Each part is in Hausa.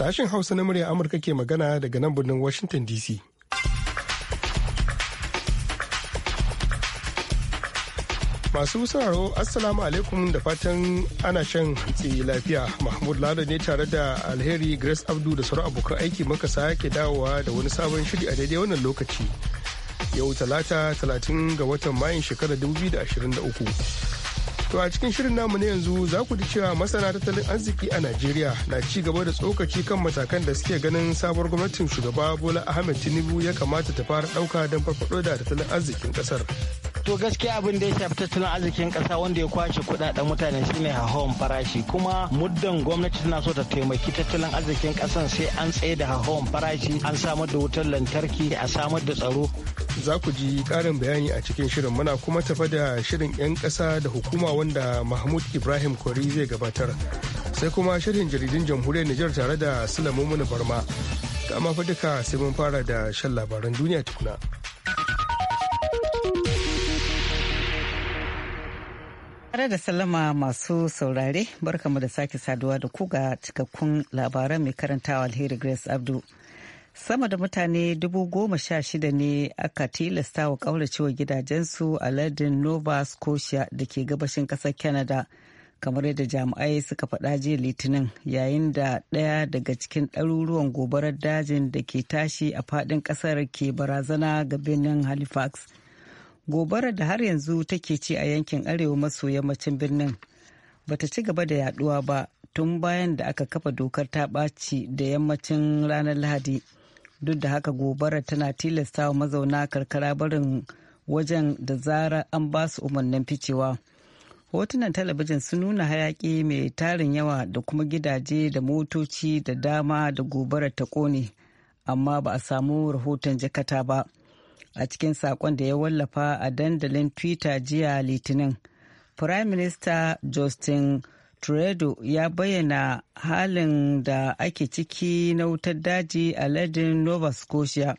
Sashen Hausa na murya Amurka ke magana daga nan birnin Washington DC. Masu sauraro Assalamu alaikum da fatan ana shan hantsi lafiya. Mahmud lado ne tare da Alheri Grace Abdu da sauran abokan aiki muka sake dawowa da wani sabon shiri a daidai wannan lokaci. Yau talata talatin ga watan Mayun shekarar 2023. To a cikin shirin namu ne yanzu za ku ji cewa masana tattalin arziki a Najeriya na ci gaba da tsokaci kan matakan da suke ganin sabuwar gwamnatin shugaba Bola Ahmed Tinubu ya kamata ta fara ɗauka don farfaɗo da tattalin arzikin ƙasar. To gaskiya abin da ya shafi tattalin arzikin kasa wanda ya kwashe kudaden mutane shine hawan farashi kuma muddan gwamnati tana so ta taimaki tattalin arzikin kasan sai an tsaye da hawan farashi an samar da wutar lantarki a samar da tsaro. Za ku ji ƙarin bayani a cikin shirin muna kuma tafa da shirin 'yan ƙasa da hukuma wanda mahmud ibrahim kori zai gabatar sai kuma shirin jaridun jamhuriyar nijar tare da sulamun barma kama fa duka sai mun fara da shan labaran duniya tukuna. Tare da sallama masu saurare, barkamu da sake saduwa da ku ga cikakkun labaran mai karantawa alheri Grace Abdu. sama da mutane dubu goma sha shida ne aka tilasta wa kauracewa gidajensu a lardin nova scotia da ke gabashin kasar canada kamar yadda jami'ai suka faɗa jiya litinin yayin da ɗaya daga cikin ɗaruruwan gobarar dajin da ke tashi a faɗin ƙasar ke barazana ga birnin halifax gobarar da har yanzu take ci a yankin arewa maso yammacin birnin bata ci gaba da yaduwa ba tun bayan da aka kafa dokar ta ɓaci da yammacin ranar lahadi duk da haka gobara tana tilasta wa mazauna karkara barin wajen da zara an ba su umarnin ficewa hotunan talabijin sun nuna hayaki mai tarin yawa da kuma gidaje da motoci da dama da gobara ta kone amma ba a samu rahoton jakata ba a cikin sakon da ya wallafa a dandalin twitter jiya litinin prime minister justin Trudeau ya bayyana halin da ake ciki na wutar daji a lardin Nova Scotia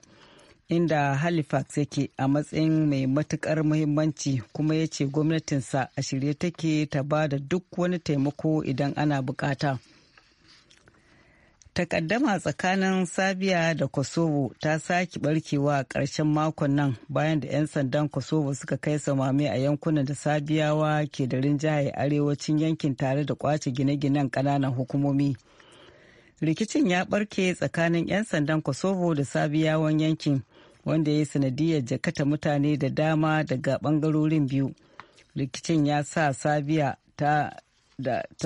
inda Halifax yake a matsayin mai matukar muhimmanci kuma ya ce gwamnatinsa a shirye take ta ba da duk wani taimako idan ana bukata. takaddama tsakanin sabiya da kosovo ta sake barkewa a ƙarshen makon nan bayan da 'yan sandan kosovo suka kai samame a yankunan da sabiyawa ke da rinjaye arewacin yankin tare da kwace gine-ginen ƙananan hukumomi rikicin ya barke tsakanin 'yan sandan kosovo da sabiyawan yankin wanda ya yi sanadiyar jakata mutane da dama daga bangarorin biyu rikicin ya sa sabiya ta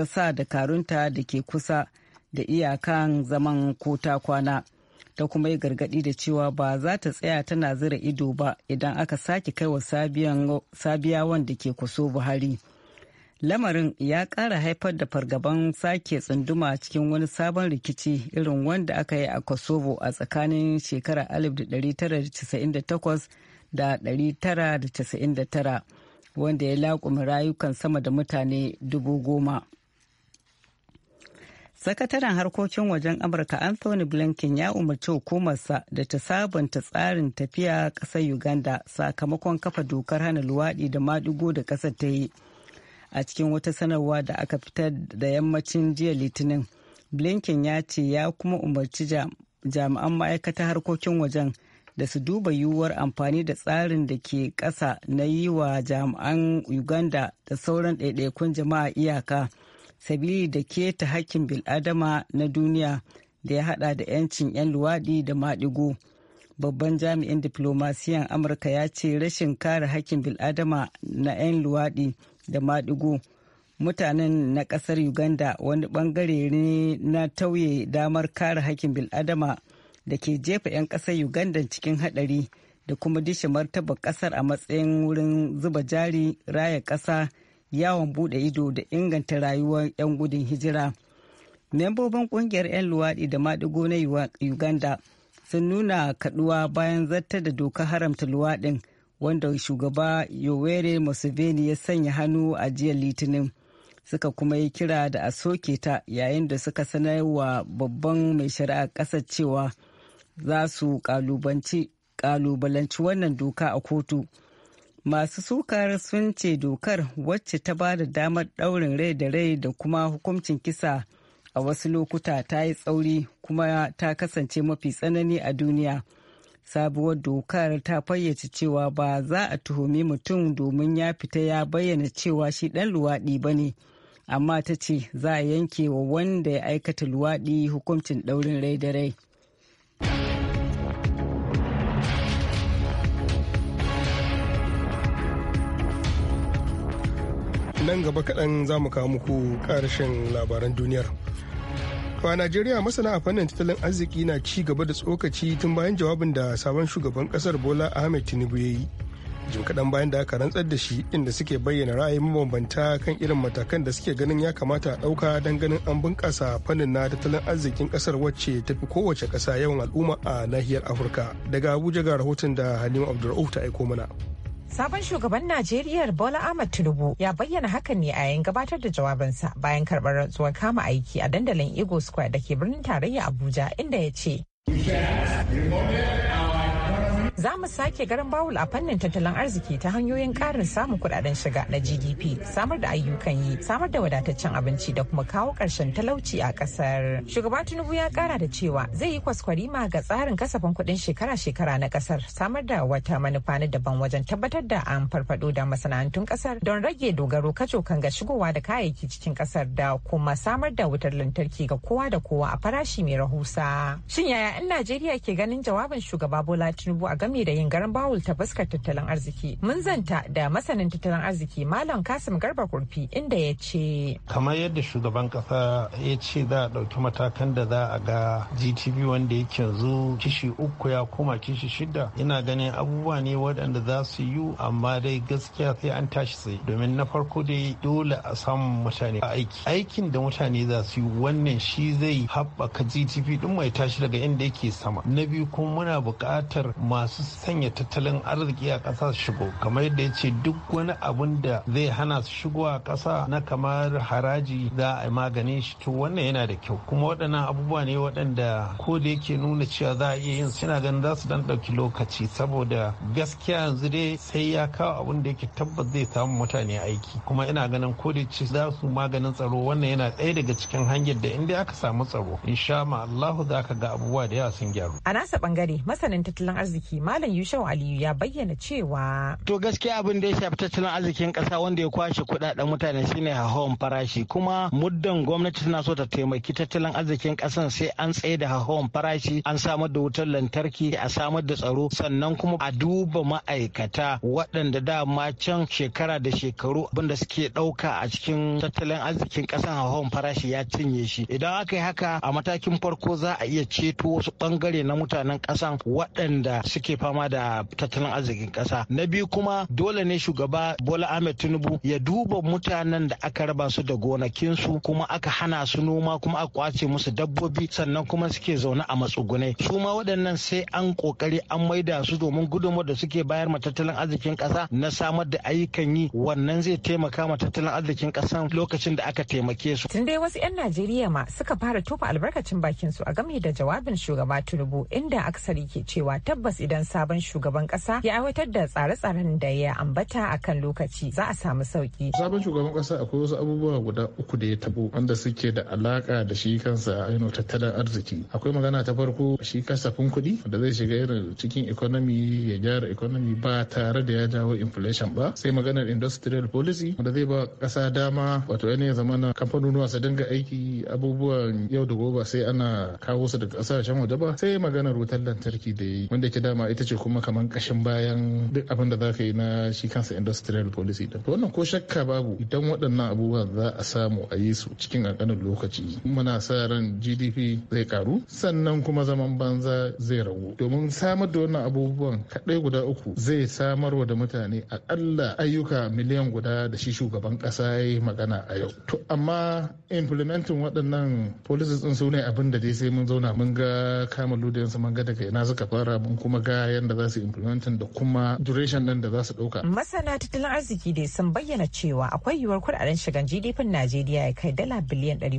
sa da karunta da ke kusa da iyakan zaman kota kwana ta kuma yi gargadi da cewa ba za ta tsaya tana zira ido ba idan aka sake kai wa sabiyawan da ke kwaso buhari lamarin ya ƙara haifar da fargaban sake tsunduma cikin wani sabon rikici irin wanda aka yi a kosovo a tsakanin shekara 1998 da 1999 wanda ya laƙumi rayukan sama da mutane dubu goma. sakataren harkokin wajen amurka anthony blinken ya umarci hukumarsa da ta sabunta tsarin tafiya kasar uganda sakamakon kafa dokar hana luwaɗi da maɗigo da ƙasar ta yi a cikin wata sanarwa da aka fitar da yammacin jiya litinin blinken ya ce ya kuma umarci jami'an ma'aikatar harkokin wajen da su duba yiwuwar amfani da tsarin da ke ƙasa na yi wa jami'an uganda da sauran ɗaiɗaikun jama'a iyaka. sabili da keta hakkin bil'adama na duniya da ya hada da 'yancin 'yan luwaɗi da maɗigo. Babban jami'in diplomasiyan Amurka ya ce rashin kare hakkin bil'adama na 'yan luwaɗi da maɗigo mutanen na ƙasar Uganda wani ɓangare ne na tauye damar kare hakkin bil'adama da ke jefa 'yan ƙasar Uganda cikin haɗari da kuma dishe martaba ƙasar a matsayin wurin zuba jari raya ƙasa. yawon bude ido da inganta rayuwar 'yan gudun hijira membobin kungiyar 'yan luwaɗi da maɗigo na uganda sun nuna kaɗuwa bayan zartar da doka haramta luwaɗin wanda shugaba yoweri museveni ya sanya hannu a jiya litinin suka kuma yi kira da a soke ta yayin da suka sanar wa babban mai shari'a ƙasar cewa za su ƙalubalanci wannan doka a kotu masu sukar sun ce dokar wacce ta ba da damar daurin rai da rai da kuma hukuncin kisa a wasu lokuta ta yi tsauri kuma ta kasance mafi tsanani a duniya sabuwar dokar ta fayyace cewa ba za a tuhumi mutum domin ya fita ya bayyana cewa shi ɗan luwaɗi ba ne amma ta ce za a yanke wa wanda ya aikata luwaɗi hukuncin ɗaurin rai da rai. nan gaba kaɗan za mu kawo muku ƙarshen labaran duniyar. To a Najeriya masana a fannin tattalin arziki na ci gaba da tsokaci tun bayan jawabin da sabon shugaban ƙasar Bola Ahmed Tinubu ya yi. Jim kaɗan bayan da aka rantsar da shi inda suke bayyana ra'ayi mabambanta kan irin matakan da suke ganin ya kamata a ɗauka don ganin an bunƙasa fannin na tattalin arzikin ƙasar wacce tafi kowace ƙasa yawan al'umma a nahiyar Afirka. Daga Abuja ga rahoton da Halima Abdulrauf ta aiko mana. Sabon shugaban Najeriya Bola Ahmed Tinubu ya bayyana hakan ne a yayin gabatar da jawabinsa bayan karɓar rantsuwar kama aiki a dandalin Ego Square da ke birnin tarayya Abuja inda ya ce. Za mu sake garin bawul a fannin tattalin arziki ta hanyoyin ƙarin samun kudaden shiga na GDP, samar da ayyukan yi, samar da wadataccen abinci da kuma kawo ƙarshen talauci a ƙasar. Shugaba Tinubu ya kara da cewa zai yi kwaskwarima ga tsarin kasafin kuɗin shekara-shekara na ƙasar, samar da wata manufa na daban wajen tabbatar da an farfado da masana'antun ƙasar don rage dogaro kan ga shigowa da kayayyaki cikin ƙasar da kuma samar da wutar lantarki ga kowa da kowa a farashi mai rahusa. Shin yaya 'yan Najeriya ke ganin jawabin shugaba Bola Tinubu a game da yin garan bawul ta fuskar tattalin arziki. Mun zanta da masanin tattalin arziki Malam Kasim Garba Kurfi inda ya ce. Kamar yadda shugaban kasa ya ce za a ɗauki matakan da za a ga GTB wanda yake yanzu kishi uku ya koma kishi shida ina ganin abubuwa ne waɗanda za su yi amma dai gaskiya sai an tashi sai domin na farko dai dole a samu mutane a aiki aikin da mutane za su yi wannan shi zai haɓaka GTP ɗin mai tashi daga inda yake sama na biyu kuma muna buƙatar masu masu sanya tattalin arziki a ƙasa su shigo kamar yadda ya ce duk wani abun da zai hana su shigo a ƙasa na kamar haraji za a maganin shi to wannan yana da kyau kuma waɗannan abubuwa ne waɗanda ko da yake nuna cewa za a iya yin suna ganin za su dan ɗauki lokaci saboda gaskiya yanzu dai sai ya kawo abun da yake tabbas zai samu mutane aiki kuma ina ganin ko da ce za su maganin tsaro wannan yana ɗaya daga cikin hanyar da inda aka samu tsaro insha ma Allahu za ka ga abubuwa da yawa sun gyaru. A nasa bangare masanin tattalin arziki Malam Yusuf Aliyu ya bayyana cewa. To gaskiya abin da ya shafi tattalin arzikin kasa wanda ya kwashe kuɗaɗen mutane shine hahon farashi kuma muddan gwamnati tana so ta taimaki tattalin arzikin ƙasan sai an tsaye da hahon farashi an samar da wutar lantarki a samar da tsaro sannan kuma a duba ma'aikata waɗanda dama can shekara da shekaru abinda suke ɗauka a cikin tattalin arzikin kasan hahon farashi ya cinye shi idan aka yi haka a matakin farko za a iya ceto wasu ɓangare na mutanen ƙasan waɗanda suke fama da tattalin arzikin kasa na biyu kuma dole ne shugaba bola ahmed tinubu ya duba mutanen da aka raba su da gonakinsu kuma aka hana su noma kuma aka kwace musu dabbobi sannan kuma suke zaune a matsugunai su ma waɗannan sai an ƙoƙari an maida su domin gudunmawar da suke bayar ma tattalin arzikin kasa na samar da ayyukan yi wannan zai taimaka ma tattalin arzikin kasa lokacin da aka taimake su. Tun dai wasu 'yan Najeriya ma suka fara tofa albarkacin bakin su a game da jawabin shugaba Tinubu inda aksari ke cewa tabbas idan sabon shugaban kasa ya aiwatar da tsare-tsaren da ya ambata a kan lokaci za a samu sauki. Sabon shugaban kasa akwai wasu abubuwa guda uku da ya tabo wanda suke da alaka da shi kansa ainihin tattalin arziki. Akwai magana ta farko shi kasafin kuɗi da zai shiga irin cikin economy ya gyara economy ba tare da ya jawo inflation ba. Sai maganar industrial policy wanda zai ba kasa dama wato yanayin zamana kamfanonuwa su dinga aiki abubuwan yau da gobe sai ana kawo su daga kasashen waje ba. Sai maganar wutar lantarki da ya yi wanda ke dama ita ce kuma kamar kashin bayan duk abin da za ka yi na shi kansa industrial policy da wannan ko shakka babu idan waɗannan abubuwa za a samu a yi su cikin ƙanƙanin lokaci muna sa ran gdp zai karu sannan kuma zaman banza zai ragu domin samar da wannan abubuwan kaɗai guda uku zai samarwa da mutane aƙalla ayyuka miliyan guda da shi shugaban ƙasa ya yi magana a yau to amma implementing waɗannan policies ɗin su ne abin da dai sai mun zauna mun ga kama ludiyansu mun ga daga ina suka fara mun kuma ga kayan da za su implementin da kuma duration ɗin da za su ɗauka. Masana tattalin arziki dai sun bayyana cewa akwai yiwuwar kuɗaɗen shigan GDP Najeriya ya kai dala biliyan da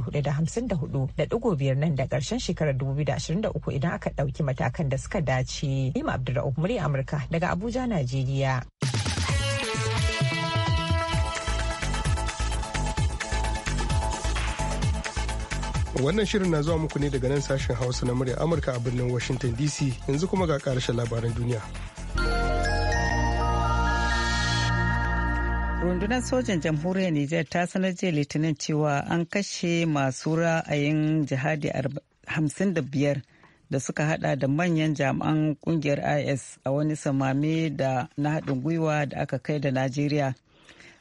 biyar nan da karshen shekarar 2023 idan aka ɗauki matakan da suka dace. Lima Abdulrahman Murya Amurka daga Abuja, Najeriya. Wannan shirin na zuwa muku ne daga nan sashen Hausa na murya Amurka a birnin Washington DC yanzu kuma ga ƙarshen labaran duniya. rundunar sojan jamhuriyar niger ta sanar jiya litinin cewa an kashe masu ra'ayin jihadi 55 da suka hada da manyan jami'an kungiyar is a wani samame da na haɗin gwiwa da aka kai da najeriya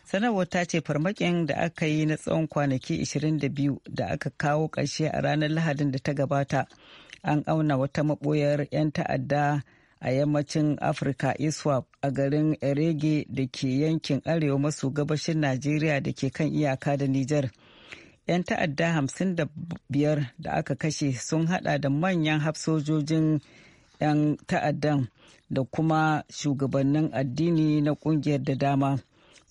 sanarwar ta ce farmakin da aka yi na tsawon kwanaki 22 da aka kawo ƙarshe a ranar lahadin da ta gabata an auna wata maɓoyar 'yan ta'adda a yammacin afirka iswap a garin erege da ke yankin arewa maso gabashin najeriya da ke kan iyaka da nijar 'yan ta'adda 55 da aka kashe sun hada da manyan hafsojojin 'yan ta'addan da kuma shugabannin addini na kungiyar da dama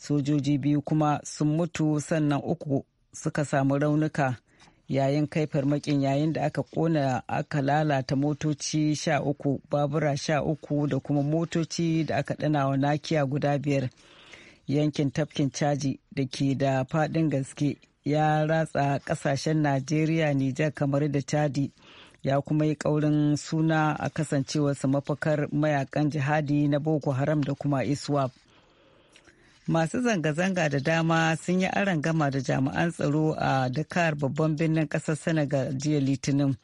sojoji biyu kuma sun mutu sannan uku suka samu raunuka yayin kai farmakin yayin da aka kona aka lalata motoci sha uku babura sha uku da kuma motoci da aka dana wa nakiya guda biyar yankin tafkin caji da ke da fadin gaske ya ratsa kasashen najeriya nijar kamar da chadi ya kuma yi kaurin suna a kasancewarsa mafakar mayakan jihadi na boko haram da kuma iswap masu zanga-zanga da dama sun yi aron gama da jami'an tsaro a dakar babban birnin kasar senegal jiya litinin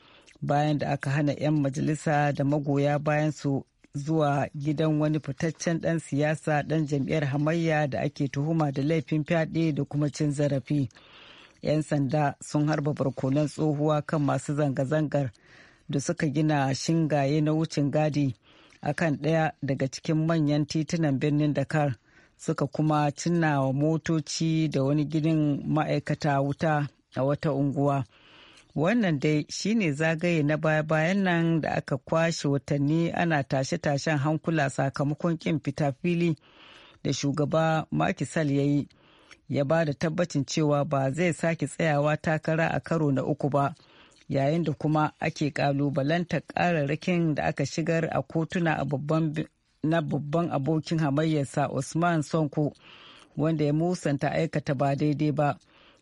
bayan da aka hana 'yan majalisa da magoya bayan su zuwa gidan wani fitaccen dan siyasa dan jam'iyyar hamayya da ake tuhuma da laifin fyaɗe da kuma cin zarafi 'yan sanda sun harba barkonan tsohuwa kan masu zanga-zangar da suka gina shingaye na wucin gadi akan ɗaya daga cikin manyan titunan birnin dakar suka kuma cinna wa motoci da wani gidan ma'aikata wuta a wata unguwa. Wannan dai shine zagaye na baya-bayan nan da aka kwashe watanni ana tashe-tashen hankula sakamakon kin fita fili da shugaba makisal ya yi, ya ba da tabbacin cewa ba zai sake tsayawa takara a karo na uku ba, yayin da kuma ake kalubalanta kararrakin da aka shigar a kotuna a babban na babban abokin hamayyarsa Usman Sonko wanda ya musanta aikata ba daidai ba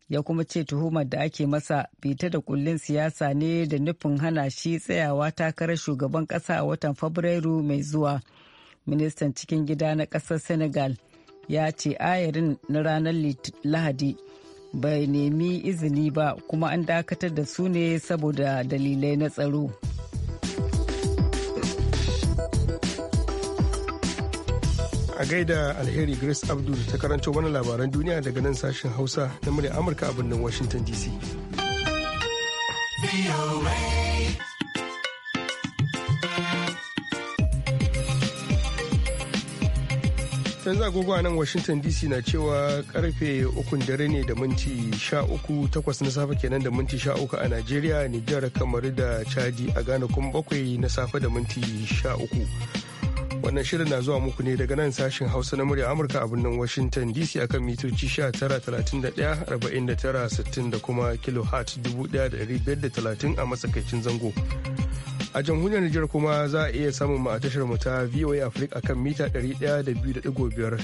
ya kuma ce tuhumar da ake masa bita da kullin siyasa ne da nufin hana shi tsayawa takarar shugaban ƙasa a watan Fabrairu mai zuwa. Ministan cikin gida na ƙasar Senegal ya ce ayarin na ranar Lahadi bai nemi izini ba kuma an dakatar da su ne saboda dalilai na tsaro. a gaida alheri Grace Abdul ta karanto wani labaran duniya daga nan sashen Hausa na murya Amurka a birnin Washington DC. yanzu agogo a nan washington dc na cewa karfe ukun dare ne da minti sha uku takwas na safe kenan da minti sha uku a nigeria nijar kamar da chadi a ghana kuma bakwai na safe da minti sha uku Wannan shirin na zuwa muku ne daga nan sashin Hausa na murya Amurka a birnin Washington DC akan mitoci 19,31,49,60 da kuma kilohertz 1,530 a matsakaicin zango. A jamhuriyar Nijar kuma za a iya samun mu a tashar mu ta VOA Africa akan mita 102.5.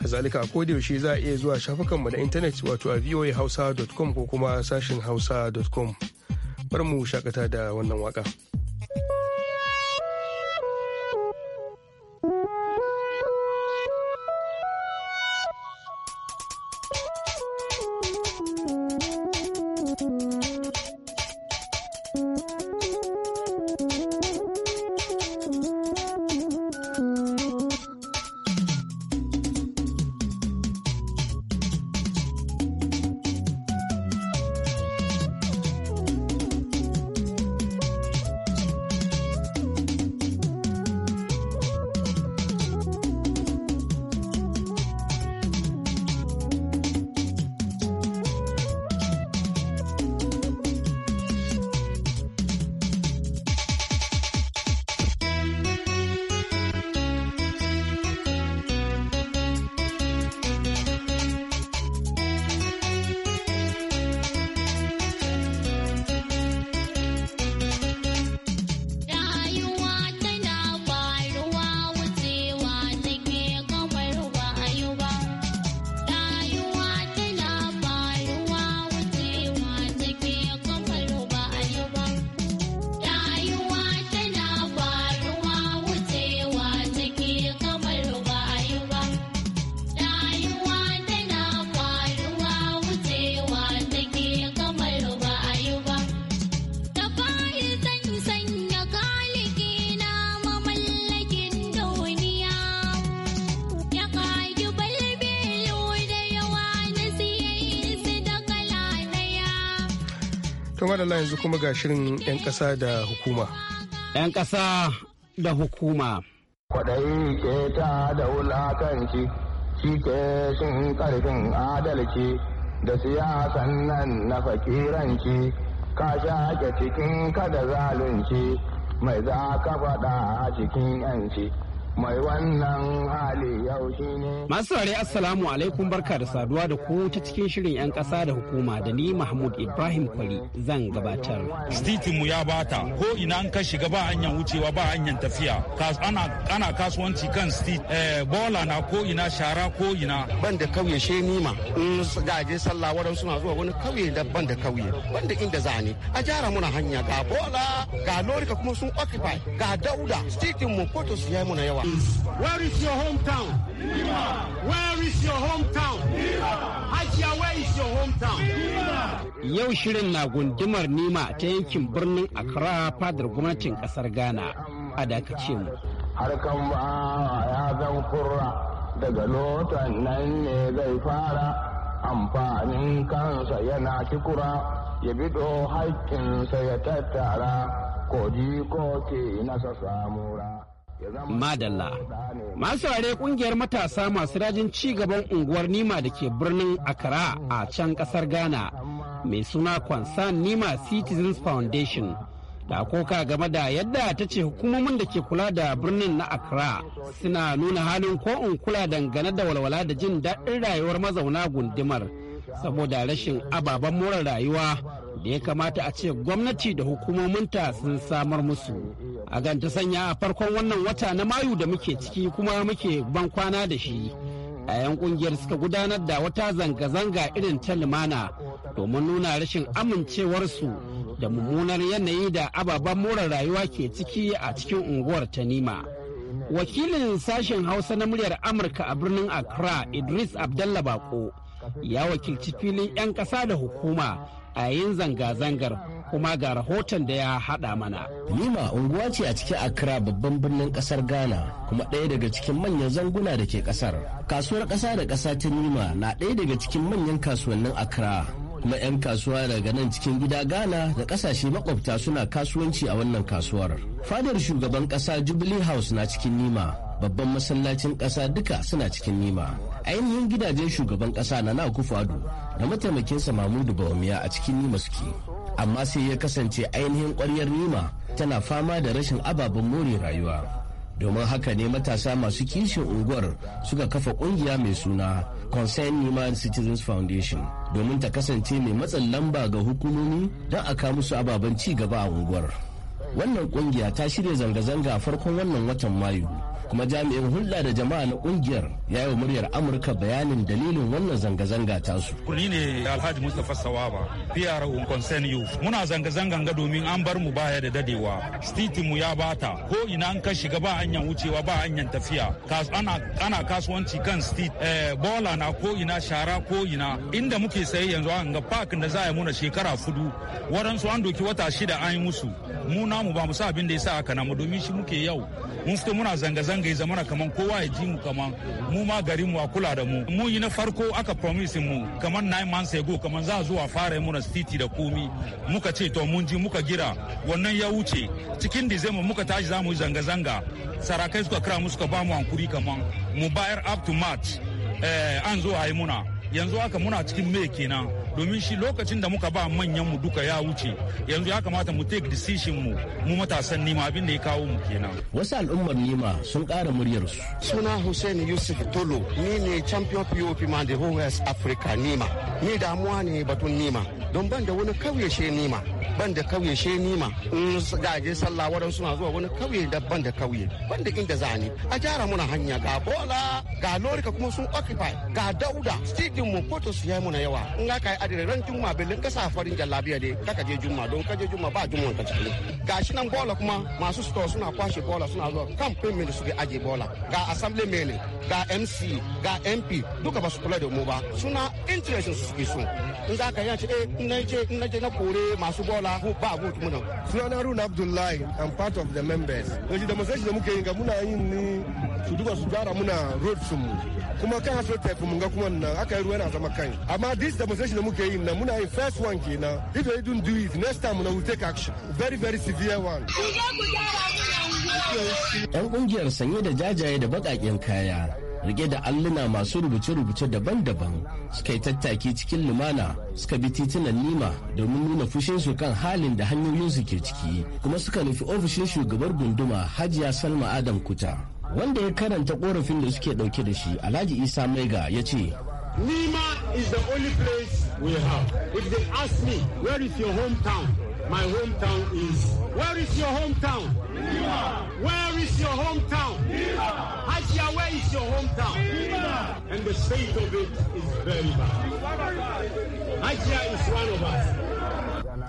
Kazalika a yaushe za a iya zuwa shafukanmu na intanet wato a voahausa.com ko kuma sashin hausa.com. Bar mu shakata da wannan waka. madalla yanzu kuma ga shirin 'yan ƙasa da hukuma. 'Yan ƙasa da hukuma. Kwaɗayi ke ta da wulakanci, shi ke sun ƙarfin adalci da siyasan nan na fakiranci, ka shake cikin kada zalunci, mai za ka faɗa a cikin 'yanci. mai wannan hali yau shi ne. Masu rare Assalamu alaikum barka da saduwa da ku ta cikin shirin 'yan ƙasa da hukuma da ni Mahmud Ibrahim Kwari zan gabatar. mu ya bata ko ina an ka shiga ba hanyar wucewa ba hanyar tafiya. Ana kasuwanci kan stit eh, bola na ko ina shara ko ina. Ban da kauye she nima in gaje sallah wadan suna zuwa wani kauye da ban da kauye ban da inda za ni a jara muna hanya ga bola ga ka kuma sun occupy ga dauda stitinmu kotu su yayi muna yawa yawa where is your hometown where is your hometown hajiya where is your hometown yau shirin na gundumar nima ta yankin birnin accra fadar gwamnatin kasar ghana a dakace mu harkan ba ya zan kurra daga lotan nan ne zai fara amfanin kansa yana kikura ya bido haƙƙinsa ya tattara ko ji ko ke nasa samura Madalla. Masarare kungiyar matasa masu rajin ci gaban unguwar Nima da ke birnin Accra a can kasar Ghana mai suna Kwansan Nima Citizens Foundation. Da koka game da yadda ta ce hukumomin da ke kula da birnin na Accra suna nuna halin ko in kula dangane da walwala da jin daɗin rayuwar mazauna gundumar saboda rashin ababen more rayuwa da ya kamata a ce gwamnati da hukumominta sun samar musu a ganta sanya a farkon wannan wata na mayu da muke ciki kuma muke ban kwana da shi a yan kungiyar suka gudanar da wata zanga-zanga irin ta limana domin nuna rashin amincewarsu da mummunar yanayi da ababen more rayuwa ke ciki a cikin unguwar ta nima wakilin sashen hausa na muryar amurka a birnin accra idris abdallah bako ya wakilci filin 'yan ƙasa da hukuma a yin zanga-zangar kuma ga rahoton da ya haɗa mana. Lima unguwa ce a cikin Accra babban birnin ƙasar Ghana kuma ɗaya daga cikin manyan zanguna da ke ƙasar. Kasuwar ƙasa da ƙasa ta Lima na ɗaya daga cikin manyan kasuwannin Accra. kuma 'yan kasuwa daga nan cikin gida ghana da ƙasashe makwabta suna kasuwanci a wannan kasuwar fadar shugaban ƙasa jubilee house na cikin nima babban masallacin ƙasa duka suna cikin nima ainihin gidajen shugaban ƙasa na na kufado da mataimakinsa mamudu bawamiya a cikin nima suke amma sai ya kasance ainihin kwaryar nima tana fama da rashin ababen more rayuwa domin haka ne matasa masu kishin unguwar suka kafa kungiya mai suna concern nima citizens foundation domin ta kasance mai matsin lamba ga hukumomi don a kawo musu ababen ci gaba a unguwar wannan kungiya ta shirya zanga-zanga a farkon wannan watan mayu kuma jami'in hulɗa da jama'a na ƙungiyar ya yi muryar amurka bayanin dalilin wannan zanga-zanga tasu. kuni ne alhaji mustapha sawaba on concern youth muna zanga-zangan ga domin an bar mu baya da dadewa stitin mu ya bata ko ina an ka shiga ba hanyar wucewa ba hanyar tafiya ana kasuwanci kan stit eh, bola na ko ina shara ko ina inda muke saye yanzu an ga park da za a yi muna shekara fudu waɗansu an doki wata shida an yi musu mu namu ba mu sa abin da ya sa aka na mu domin shi muke yau mun fito muna zanga-zanga nan ga zamana kaman kowa ya ji mu kaman mu ma garin mu a kula da mu mu yi na farko aka promise mu kaman nine months ago kaman za a zuwa fara mu na city da komi muka ce to mun ji muka gira wannan ya wuce cikin December muka tashi za mu yi zanga-zanga sarakai suka kira mu suka ba mu hankuri kaman mu bayar up to march eh, an zo a yi muna yanzu haka muna cikin me kenan domin shi lokacin da muka ba manyan mu duka ya wuce yanzu ya kamata mu take decision mu mu matasan nima abin da ya kawo mu kenan wasu al'ummar nima sun ƙara muryar su suna Hussein Yusuf Tolo ni ne champion POP man the whole West Africa nima ni damuwa ne batun nima don ban da wani kauye she nima ban da kauye she nima in gaje sallah wadan suna zuwa wani kauye da ban da kauye ban da inda zani a jara muna hanya ga bola ga lorika kuma sun occupy ga dauda stadium mu photos yayi muna yawa in aka yi da ran juma belin ka sa farin jallabiya ne kaka je juma don ka je juma ba juma ka cikin gashi nan bola kuma masu store suna kwashe bola suna zuwa kan payment da suke aje bola ga assembly mele ga mc ga mp duka ba su kula da mu ba suna interest su suke so in za ka yace eh in na in na na kore masu bola ba vote mu nan sunana runa abdullahi i'm part of the members yanzu demonstration da muke yi ga muna yin ni su duka su gyara muna road su mu kuma kan hasro mun ga kuma nan aka yi ruwa yana zama kai amma this demonstration da muke yi na muna yi first one kenan if you don't do it next time we will take action very very severe one yan kungiyar sanye da jajaye da bakaken kaya rike da alluna masu rubuce-rubuce daban-daban suka yi tattaki cikin lumana suka bi titunan nima domin nuna fushin su kan halin da hanyoyinsu ke ciki kuma suka nufi ofishin shugabar gunduma hajiya salma adam kuta wanda ya karanta korafin da suke dauke da shi alhaji isa maiga ya ce nima is the only place we have. If they ask me, where is your hometown? My hometown is. Where is your hometown? Where is your hometown? Hajia, where is your hometown? And the state of it is very bad. Hajia is one of us.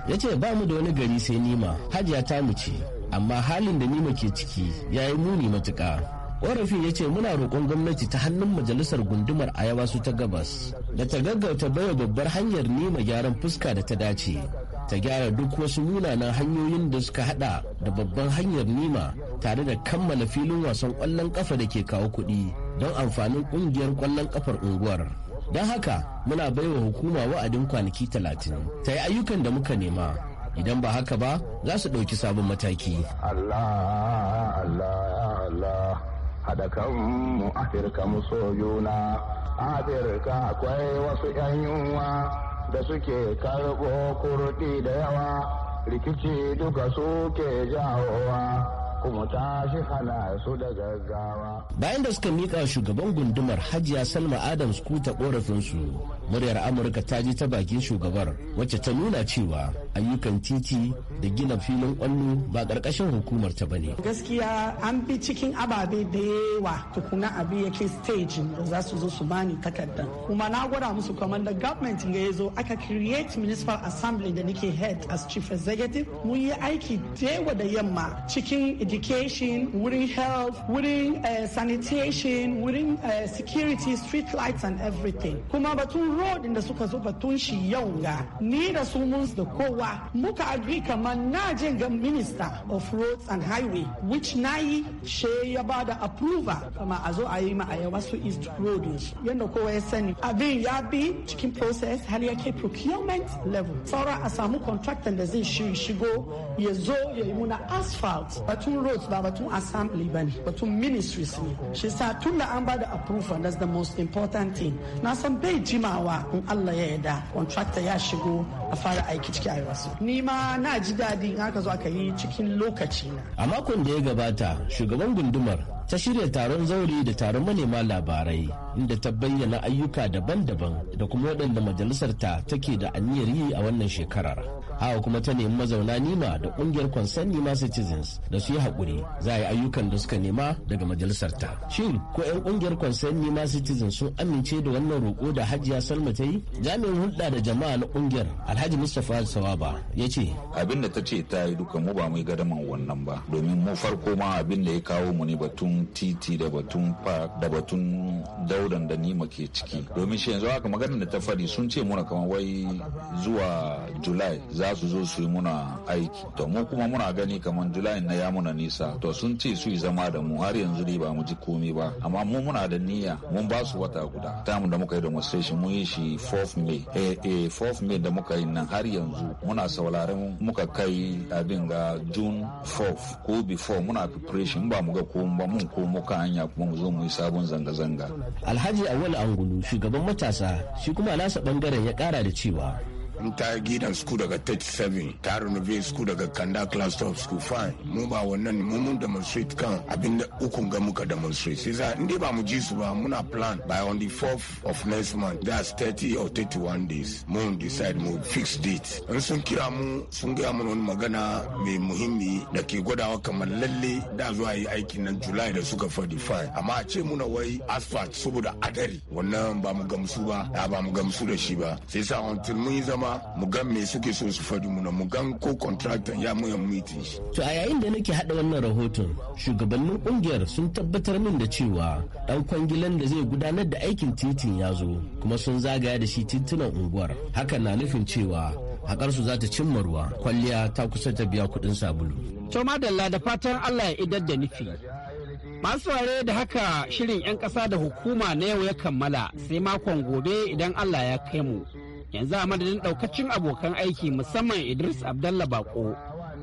Ya ce ba mu da wani gari sai Nima, Hajiya ta mu ce, amma halin da Nima ke ciki ya yi muni matuƙa. korafin ya ce muna roƙon gwamnati ta hannun majalisar gundumar ayawa su ta gabas da ta gaggauta baiwa babbar hanyar nema gyaran fuska da ta dace ta gyara duk wasu munanan hanyoyin da suka hada da babban hanyar nima tare da kammala filin wasan kwallon kafa da ke kawo kuɗi don amfanin ƙungiyar kwallon kafar unguwar don haka muna baiwa hukuma wa'adin kwanaki talatin ta yi ayyukan da muka nema idan ba haka ba za su ɗauki sabon mataki Allah Allah Allah haɗa kanmu afirka mu so juna afirka akwai wasu 'yan yunwa da suke karɓo kurɗi da yawa rikici duka suke jawowa kuma ta shi hana su da gaggawa. Bayan da suka miƙa shugaban gundumar Hajiya Salma Adams kuta ƙorafinsu, muryar amurka ta ji ta bakin shugabar wacce ta nuna cewa ayyukan titi da gina filin kwallo ba ƙarƙashin hukumar ta bane gaskiya an bi cikin ababe da yawa tukuna abin yake stage da za su zo su bani takardar kuma na gwada musu kamar da government ga ya zo aka create municipal assembly da nake head as chief executive mun yi aiki dewa da yamma cikin education wurin health wurin eh, sanitation wurin eh, security street lights and everything kuma batun da suka zuba shi yau ga ni da su mun da kowa muka agri kamar na je ga minister of roads and highway which na yi she ya ba da approval kama a zo a yi ma a wasu east road yadda kowa ya sani abin ya bi cikin process har yake kai procurement level sauran a samu contractor da zai shigo ya zo ya yi muna asphalt batun roads ba batun assembly ba ne batun ministries ne shi sa tun da an ba da approval that's the most important thing na san bai jimawa cewa in Allah ya yarda contractor ya shigo a fara aiki cikin a ni ma na ji daɗi aka zo aka yi cikin lokaci na a makon da ya gabata shugaban gundumar ta shirya taron zauri da taron manema labarai inda ta bayyana ayyuka daban-daban da kuma waɗanda majalisar ta take da aniyar yi a wannan shekarar Hawa kuma ta nemi mazauna nima da ƙungiyar concern nima citizens da su yi haƙuri za a yi ayyukan da suka nema daga majalisar ta shin ko 'yan ƙungiyar concern nima citizens sun amince da wannan roƙo da hajiya mu ta yi jami'in hulɗa da jama'a na ƙungiyar alhaji mustapha sawaba ya ce abin da ta ce ta yi duka mu ba mu yi gadaman wannan ba domin mu farko ma abin da ya kawo mu ne batun titi da batun park da batun daudan da nima ke ciki domin shi yanzu haka maganar da ta faɗi sun ce muna kamar wai zuwa july za su zo su yi muna aiki to mu kuma muna gani kamar july na ya muna nisa to sun ce su yi zama da mu har yanzu dai ba mu ji komai ba amma mu muna da niyya mun ba su wata guda mu da muka yi demonstration mun yi yin shi 4th May. Eh, eh, 4th May da muka yi nan har yanzu muna sauraron muka kai abin ga June 4th ko before muna preparation ba mu ga ko ba mun ko muka hanya kuma mu zo mu yi sabon zanga-zanga. Alhaji Awal Angulu shugaban matasa shi kuma nasa bangaren ya kara da cewa in ta gida school daga 37 ta renove school daga kanda class of school fine mu ba wannan mu mun demonstrate kan abin da ukun ga muka demonstrate sai za in dai ba mu ji su ba muna plan by on the 4th of next month that's 30 or 31 days mun decide mu fix date in sun kira mu sun ga mana wani magana mai muhimmi da ke gwadawa kamar lalle da zuwa yi aiki nan july da suka fadi fine amma a ce muna wai asphalt saboda adari wannan ba mu gamsu ba ba mu gamsu da shi ba sai sa until mun yi zama mugan me suke so su faɗi muna mu ko contractor ya mu yan meeting shi. To a yayin da nake haɗa wannan rahoton shugabannin ƙungiyar sun tabbatar min da cewa ɗan kwangilan da zai gudanar da aikin titin ya zo kuma sun zagaya da shi titunan unguwar. Hakan na nufin cewa su za ta cimma ruwa kwalliya ta kusa ta biya kuɗin sabulu. To madalla da fatan Allah ya idar da nufi. Masu ware da haka shirin 'yan ƙasa da hukuma na yau ya kammala sai makon gobe idan Allah ya kai mu. yanzu a madadin daukacin abokan aiki musamman idris abdallah bako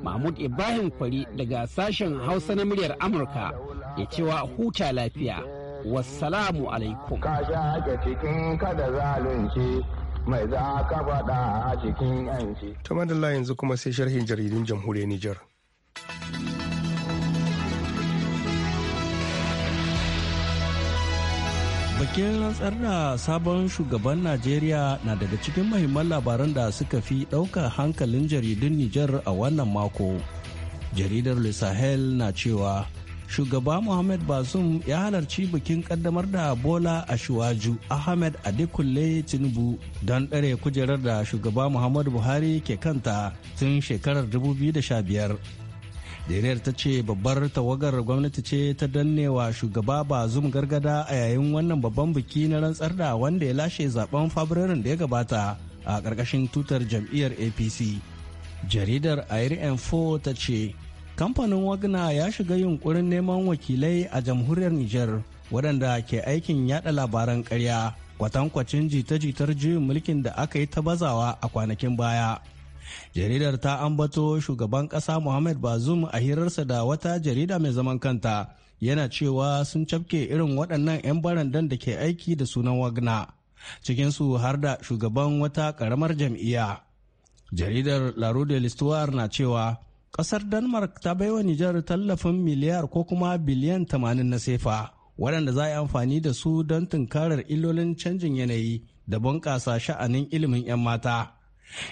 mahmud ibrahim kwari daga sashen hausa na muryar amurka ya cewa huta lafiya wassalamu alaikum cikin kada mai za ka faɗa a cikin yanci. yanzu kuma sai sharhin jaridun jamhuriyar Nijar. Bikin rantsar da sabon shugaban Najeriya na daga cikin mahimman labaran da suka fi ɗaukar hankalin jaridun Nijar a wannan mako. Jaridar Le Sahel na cewa shugaba mohamed Basum ya halarci bikin kaddamar da Bola a shuwaju Ahmed Adekunle Tinubu don ɗare kujerar da shugaba Muhammadu Buhari ke kanta tun shekarar 2015. Deriyar ta ce babbar tawagar gwamnati ce ta dannewa shugaba Bazum Gargada a yayin wannan babban biki na rantsar da wanda ya lashe zaben Fabrairun da ya gabata a karkashin tutar jam'iyyar APC. Jaridar Air 4 ta ce kamfanin wagna ya shiga yunkurin neman wakilai a jamhuriyar Nijar waɗanda ke aikin yada labaran karya kwatankwacin jita-jitar juyin mulkin da aka yi ta bazawa a kwanakin baya. jaridar ta ambato shugaban ƙasa muhammad bazum a hirarsa da wata jarida mai zaman kanta yana cewa sun cafke irin waɗannan 'yan barandan da ke aiki da sunan wagna cikinsu har da shugaban wata ƙaramar jam'iyya jaridar la rue de na cewa ƙasar denmark ta baiwa nijar tallafin miliyar ko kuma biliyan tamanin na sefa waɗanda za a yi amfani da su don tunkarar illolin canjin yanayi da bunƙasa sha'anin ilimin 'yan mata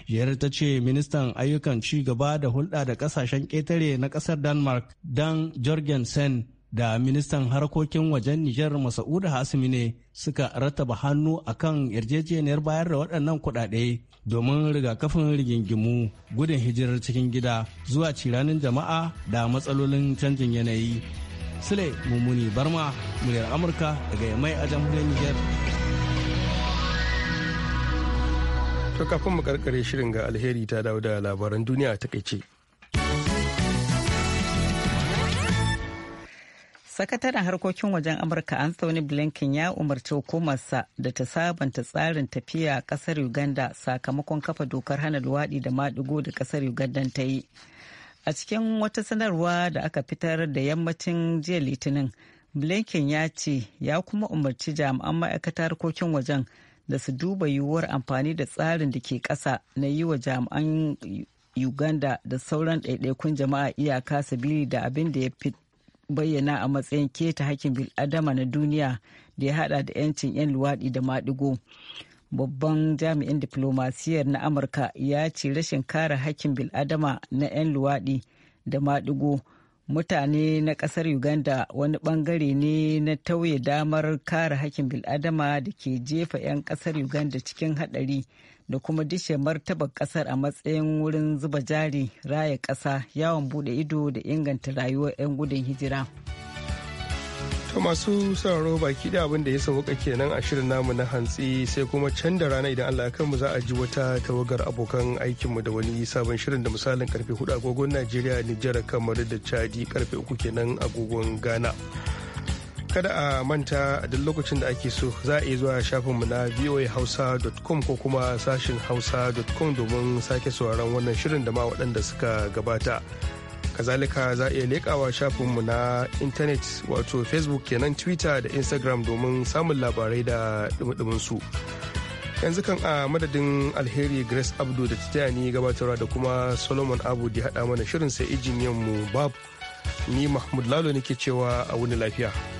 jihar ta ce ministan ayyukan ci gaba da hulɗa da ƙasashen ƙetare na ƙasar denmark dan jorgensen da ministan harkokin wajen nijar masa'udu hasimi ne suka rattaba hannu akan yarjejeniyar bayar da waɗannan kuɗaɗe domin rigakafin rigingimu gudun hijirar cikin gida zuwa ciranin jama'a da matsalolin canjin yanayi sule mummuni barma muryar amurka daga yamai a jamhuriyar nijar To kafin mu karkare shirin ga alheri ta dawo da labaran duniya ta kaice. Sakataren harkokin wajen Amurka Anthony Blinken ya umarci hukumarsa da ta sabanta tsarin tafiya kasar Uganda sakamakon kafa dokar hana luwaɗi da maɗigo da kasar Uganda ta yi. A cikin wata sanarwa da aka fitar da yammacin jiya Litinin, Blinken ya ce ya kuma umarci jami'an ma'aikatar harkokin wajen da su duba yiwuwar amfani da tsarin da ke ƙasa na yi wa jami'an uganda da sauran ɗaiɗaikun jama'a iyaka sabili da abin da ya fi bayyana a matsayin keta hakkin bil'adama na duniya da ya hada da 'yancin 'yan luwaɗi da maɗigo babban jami'in diflomasiyyar na amurka ya ce rashin kare hakkin bil'adama na 'yan luwaɗi da maɗigo mutane na kasar uganda wani bangare ne na tauye damar kare hakkin bil'adama da ke jefa 'yan kasar uganda cikin hadari da kuma dishe martabar kasar a matsayin wurin zuba jari raya kasa yawon bude ido da inganta rayuwar 'yan gudun hijira. To masu sauraro baki da abin da ya sauka kenan a shirin namu na hantsi sai kuma can da rana idan Allah mu za a ji wata tawagar abokan aikin mu da wani sabon shirin da misalin karfe 4 agogon Najeriya Nijar kamar da Chadi karfe 3 kenan agogon Ghana. Kada a manta a duk lokacin da ake so za a yi zuwa shafin mu na voahausa.com ko kuma sashin hausa.com domin sake sauraron wannan shirin da ma waɗanda suka gabata. kazalika za a iya leƙawa shafinmu na intanet wato facebook kenan twitter da instagram domin samun labarai da su yanzu kan a madadin alheri grace abdu da ta ni gabatarwa da kuma solomon abu da haɗa mana shirin sai injiniyan mu bab ni mahmud lalo nake cewa a wuni lafiya